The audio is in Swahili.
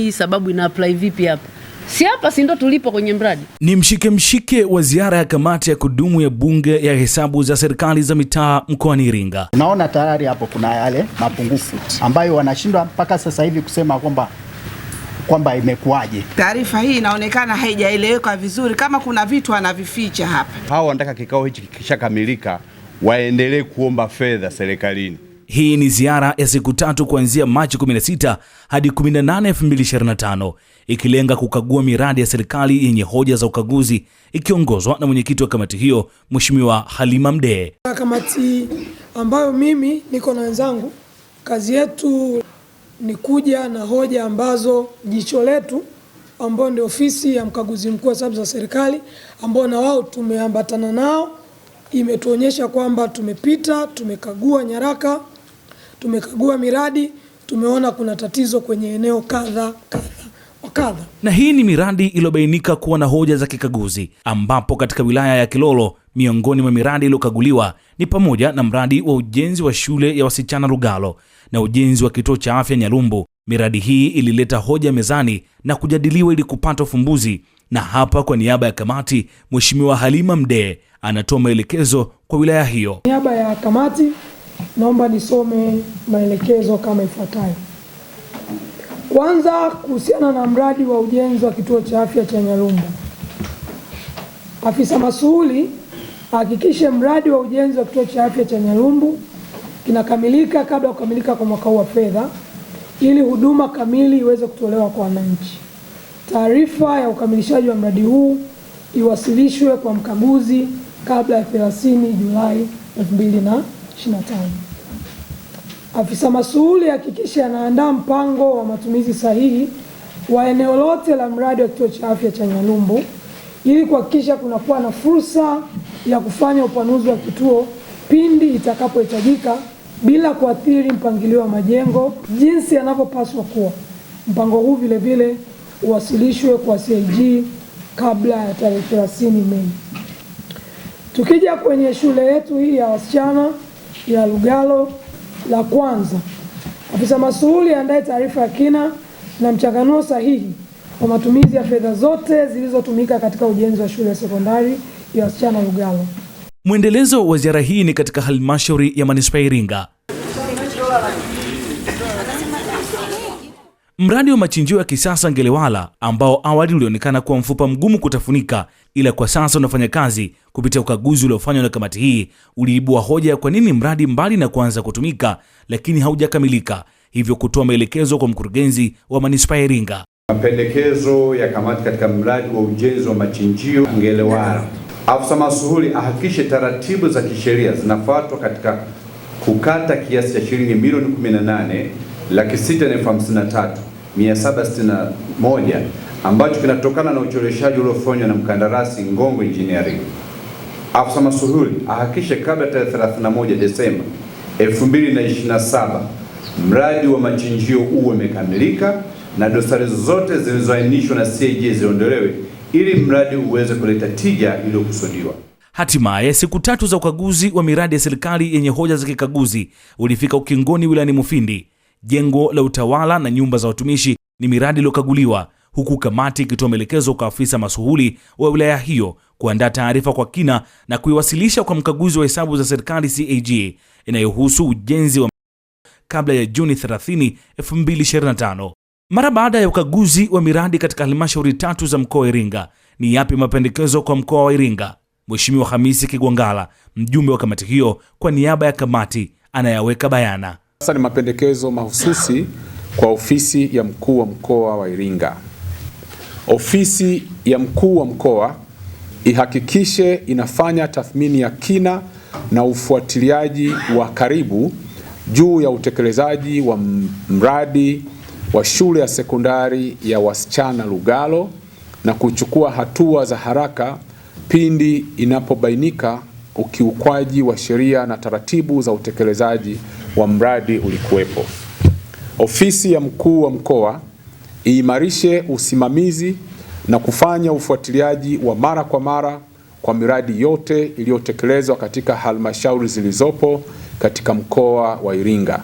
Hii sababu ina apply vipi hapa? Si hapa si ndo tulipo kwenye mradi. Ni mshike mshike wa ziara ya kamati ya kudumu ya bunge ya hesabu za serikali za mitaa mkoani Iringa. Unaona tayari hapo kuna yale mapungufu ambayo wanashindwa mpaka sasa hivi kusema kwamba kwamba imekuwaje. Taarifa hii inaonekana haijaeleweka vizuri, kama kuna vitu anavificha hapa. Hao wanataka kikao hichi kikishakamilika waendelee kuomba fedha serikalini. Hii ni ziara ya siku tatu kuanzia Machi 16 hadi 18, 2025 ikilenga kukagua miradi ya serikali yenye hoja za ukaguzi ikiongozwa na mwenyekiti wa kamati hiyo Mheshimiwa Halima Mdee. Kamati ambayo mimi niko na wenzangu, kazi yetu ni kuja na hoja ambazo jicho letu ambao ndio ofisi ya mkaguzi mkuu wa hesabu za serikali ambao na wao tumeambatana nao, imetuonyesha kwamba tumepita, tumekagua nyaraka tumekagua miradi, tumeona kuna tatizo kwenye eneo kadha kadha wakadha. Na hii ni miradi iliyobainika kuwa na hoja za kikaguzi, ambapo katika wilaya ya Kilolo miongoni mwa miradi iliyokaguliwa ni pamoja na mradi wa ujenzi wa shule ya wasichana Lugalo na ujenzi wa kituo cha afya Nyalumbu. Miradi hii ilileta hoja mezani na kujadiliwa ili kupata ufumbuzi, na hapa kwa niaba ya kamati, Mheshimiwa Halima Mdee anatoa maelekezo kwa wilaya hiyo. Niaba ya kamati naomba nisome maelekezo kama ifuatayo. Kwanza, kuhusiana na mradi wa ujenzi wa kituo cha afya cha Nyalumba, afisa masuhuli ahakikishe mradi wa ujenzi wa kituo cha afya cha Nyalumbu kinakamilika kabla ya kukamilika kwa mwaka huu wa fedha ili huduma kamili iweze kutolewa kwa wananchi. Taarifa ya ukamilishaji wa mradi huu iwasilishwe kwa mkaguzi kabla ya 30 Julai 25. Afisa masuuli hakikisha anaandaa mpango wa matumizi sahihi wa eneo lote la mradi wa kituo cha afya cha Nyalumbu ili kuhakikisha kunakuwa na fursa ya kufanya upanuzi wa kituo pindi itakapohitajika bila kuathiri mpangilio wa majengo jinsi yanavyopaswa kuwa. Mpango huu vile vile uwasilishwe kwa CAG kabla ya tarehe 30 Mei. Tukija kwenye shule yetu hii ya wasichana ya Lugalo. La kwanza, afisa masuhuli andaye taarifa ya kina na mchanganuo sahihi wa matumizi ya fedha zote zilizotumika katika ujenzi wa shule ya sekondari ya wasichana Lugalo. Mwendelezo wa ziara hii ni katika halmashauri ya manispaa Iringa Mradi wa machinjio ya kisasa Ngelewala ambao awali ulionekana kuwa mfupa mgumu kutafunika, ila kwa sasa unafanya kazi kupitia ukaguzi uliofanywa na kamati hii, uliibua hoja ya kwa nini mradi mbali na kuanza kutumika lakini haujakamilika, hivyo kutoa maelekezo kwa mkurugenzi wa manispaa ya Iringa. Mapendekezo ya kamati katika mradi wa ujenzi wa machinjio Ngelewala, afisa masuhuli ahakikishe taratibu za kisheria zinafuatwa katika kukata kiasi cha shilingi milioni 18 laki sita na elfu hamsini na tatu 761 ambacho kinatokana na uchoreshaji uliofanywa na mkandarasi Ngongo Engineering. Afisa masuhuli ahakikishe kabla tarehe 31 Desemba 2027 mradi wa machinjio uwe umekamilika na dosari zote zilizoainishwa na CAG ziondolewe ili mradi uweze kuleta tija iliyokusudiwa. Hatimaye siku tatu za ukaguzi wa miradi ya serikali yenye hoja za kikaguzi ulifika ukingoni wilayani Mufindi jengo la utawala na nyumba za watumishi ni miradi iliyokaguliwa, huku kamati ikitoa maelekezo kwa afisa masuhuli wa wilaya hiyo kuandaa taarifa kwa kina na kuiwasilisha kwa mkaguzi wa hesabu za serikali CAG inayohusu ujenzi wa kabla ya Juni 30, 2025. Mara baada ya ukaguzi wa miradi katika halmashauri tatu za mkoa wa Iringa, ni yapi mapendekezo kwa mkoa wa Iringa? Mheshimiwa Hamisi Kigwangala, mjumbe wa kamati hiyo, kwa niaba ya kamati anayaweka bayana. Sasa ni mapendekezo mahususi kwa ofisi ya mkuu wa mkoa wa Iringa. Ofisi ya mkuu wa mkoa ihakikishe inafanya tathmini ya kina na ufuatiliaji wa karibu juu ya utekelezaji wa mradi wa shule ya sekondari ya wasichana Lugalo na kuchukua hatua za haraka pindi inapobainika ukiukwaji wa sheria na taratibu za utekelezaji wa mradi ulikuwepo. Ofisi ya mkuu wa mkoa iimarishe usimamizi na kufanya ufuatiliaji wa mara kwa mara kwa miradi yote iliyotekelezwa katika halmashauri zilizopo katika mkoa wa Iringa.